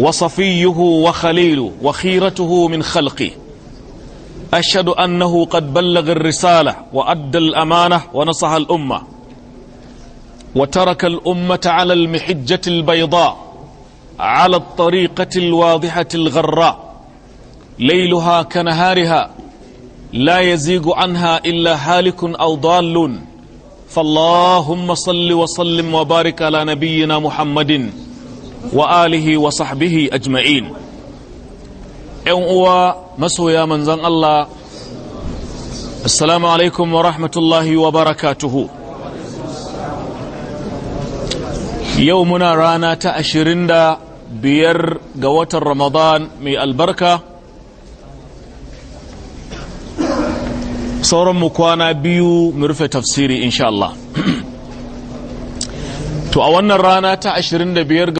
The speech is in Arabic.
وصفيه وخليله وخيرته من خلقه أشهد أنه قد بلغ الرسالة وأدى الأمانة ونصح الأمة وترك الأمة على المحجة البيضاء على الطريقة الواضحة الغراء ليلها كنهارها لا يزيغ عنها إلا هالك أو ضال فاللهم صل وسلم وبارك على نبينا محمد wa alihi wa sahbihi ajma'in ‘yan uwa masoya manzan Allah assalamu alaikum wa rahmatullahi wa barakatuhu yau muna rana ta ashirin da biyar ga watan ramadan mai albarka sauranmu kwana biyu mu rufe tafsiri insha Allah to a wannan rana ta ashirin da biyar